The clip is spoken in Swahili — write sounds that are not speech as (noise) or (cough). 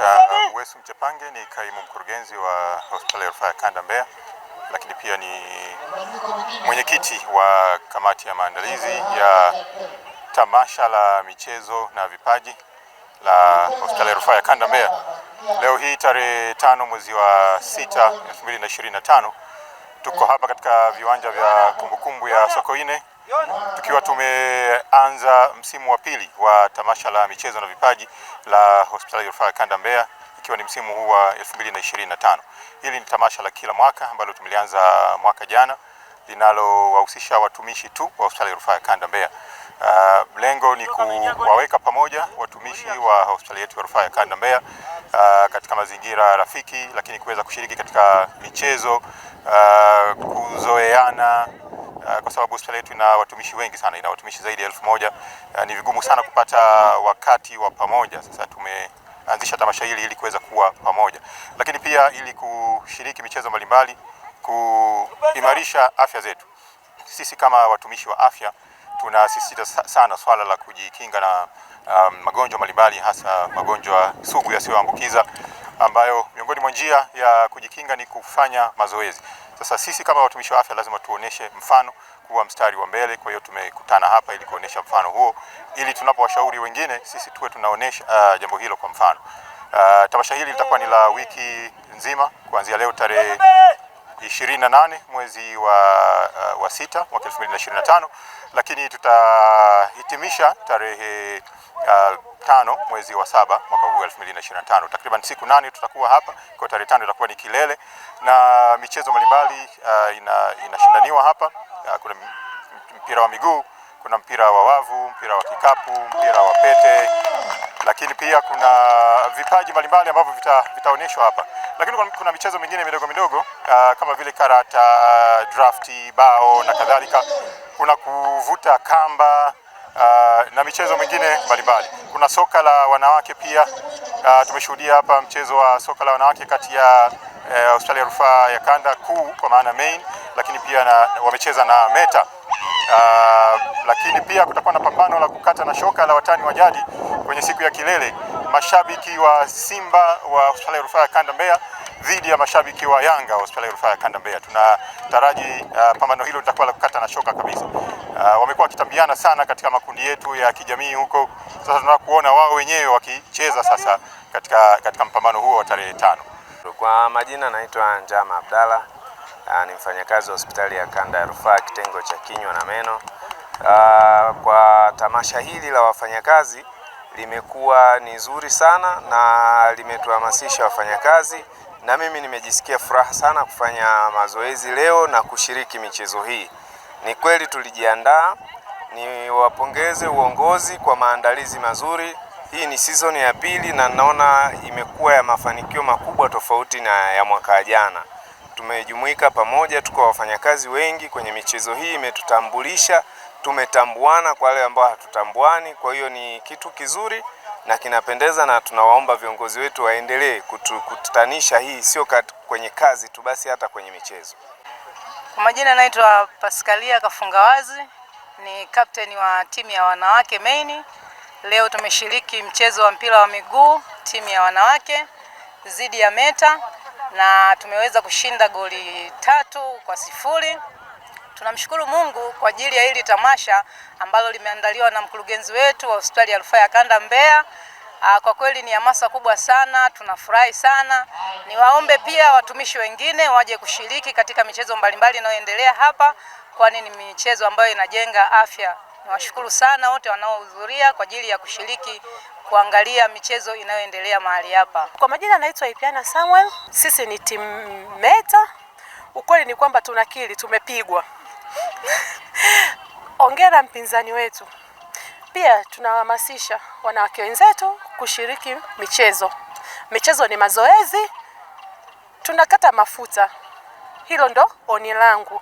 Dr. Uh, Wesu Mchepange ni kaimu mkurugenzi wa hospitali ya rufaa ya Kanda Mbeya, lakini pia ni mwenyekiti wa kamati ya maandalizi ya tamasha la michezo na vipaji la hospitali ya rufaa ya Kanda Mbeya. Leo hii tarehe tano mwezi wa sita 2025 tuko hapa katika viwanja vya kumbukumbu ya Sokoine tukiwa tumeanza msimu wa pili wa tamasha la michezo na vipaji la hospitali ya rufaa kanda Mbeya, ikiwa ni msimu huu wa 2025. Hili ni tamasha la kila mwaka ambalo tumelianza mwaka jana linalowahusisha watumishi tu wa hospitali ya rufaa ya kanda Mbeya. Uh, lengo ni kuwaweka pamoja watumishi wa hospitali yetu ya rufaa ya kanda Mbeya uh, katika mazingira rafiki, lakini kuweza kushiriki katika michezo uh, kuzoeana Eh, kwa sababu hospitali yetu ina watumishi wengi sana, ina watumishi zaidi ya elfu moja. Eh, ni vigumu sana kupata wakati wa pamoja. Sasa tumeanzisha tamasha hili ili kuweza kuwa pamoja, lakini pia ili kushiriki michezo mbalimbali, kuimarisha afya zetu. Sisi kama watumishi wa afya tunasisitiza sana swala la kujikinga na um, magonjwa mbalimbali, hasa magonjwa sugu yasiyoambukiza ambayo miongoni mwa njia ya kujikinga ni kufanya mazoezi. Sasa sisi kama watumishi wa afya lazima tuoneshe mfano kuwa mstari wa mbele. Kwa hiyo tumekutana hapa ili kuonesha mfano huo, ili tunapowashauri wengine sisi tuwe tunaonesha uh, jambo hilo kwa mfano. Uh, tamasha hili litakuwa ni la wiki nzima kuanzia leo tarehe 28 mwezi wa, uh, wa sita mwaka tano lakini tutahitimisha tarehe uh, tano mwezi wa saba mwaka huu tano Takriban siku nane tutakuwa hapa, kwa tarehe tano itakuwa ni kilele na michezo mbalimbali uh, ina, inashindaniwa hapa uh, kuna mpira wa miguu kuna mpira wa wavu, mpira wa kikapu, mpira wa pete, lakini pia kuna vipaji mbalimbali ambavyo vita, vitaonyeshwa hapa, lakini kuna michezo mingine midogo midogo uh, kama vile karata, drafti, bao na kadhalika. Kuna kuvuta kamba uh, na michezo mingine mbalimbali. Kuna soka la wanawake pia uh, tumeshuhudia hapa mchezo wa soka la wanawake kati ya hospitali eh, uh, ya rufaa ya kanda kuu kwa maana Main, lakini pia na, wamecheza na Meta Uh, lakini pia kutakuwa na pambano la kukata na shoka la watani wa jadi kwenye siku ya kilele, mashabiki wa Simba wa Hospitali ya Rufaa ya Kanda Mbeya dhidi ya mashabiki wa Yanga wa Hospitali ya Rufaa ya Kanda Mbeya. Tunataraji uh, pambano hilo litakuwa la kukata na shoka kabisa. Uh, wamekuwa wakitambiana sana katika makundi yetu ya kijamii huko, sasa tunataka kuona wao wenyewe wakicheza sasa katika, katika mpambano huo wa tarehe tano. Kwa majina naitwa Njama Abdalla Ah, ni mfanyakazi wa hospitali ya kanda ya rufaa kitengo cha kinywa na meno. Ah, kwa tamasha hili la wafanyakazi limekuwa ni zuri sana na limetuhamasisha wafanyakazi, na mimi nimejisikia furaha sana kufanya mazoezi leo na kushiriki michezo hii. Ni kweli tulijiandaa. Niwapongeze uongozi kwa maandalizi mazuri. Hii ni season ya pili na naona imekuwa ya mafanikio makubwa tofauti na ya mwaka jana tumejumuika pamoja, tuko wafanyakazi wengi kwenye michezo hii, imetutambulisha, tumetambuana kwa wale ambao hatutambuani. Kwa hiyo ni kitu kizuri na kinapendeza, na tunawaomba viongozi wetu waendelee kututanisha hii, sio kwenye kazi tu basi, hata kwenye michezo. Kwa majina naitwa Paskalia Kafungawazi, ni kapteni wa timu ya wanawake Maine. Leo tumeshiriki mchezo wa mpira wa miguu timu ya wanawake dhidi ya Meta na tumeweza kushinda goli tatu kwa sifuri. Tunamshukuru Mungu kwa ajili ya hili tamasha ambalo limeandaliwa na mkurugenzi wetu wa hospitali ya rufaa ya Kanda Mbeya. Ah, kwa kweli ni hamasa kubwa sana, tunafurahi sana. Niwaombe pia watumishi wengine waje kushiriki katika michezo mbalimbali inayoendelea hapa, kwani ni michezo ambayo inajenga afya. Niwashukuru sana wote wanaohudhuria kwa ajili ya kushiriki kuangalia michezo inayoendelea mahali hapa. Kwa majina anaitwa Ipiana Samuel, sisi ni timu Meta. Ukweli ni kwamba tunakiri tumepigwa. (laughs) Ongera mpinzani wetu. Pia tunawahamasisha wanawake wenzetu kushiriki michezo. Michezo ni mazoezi, tunakata mafuta. Hilo ndo oni langu.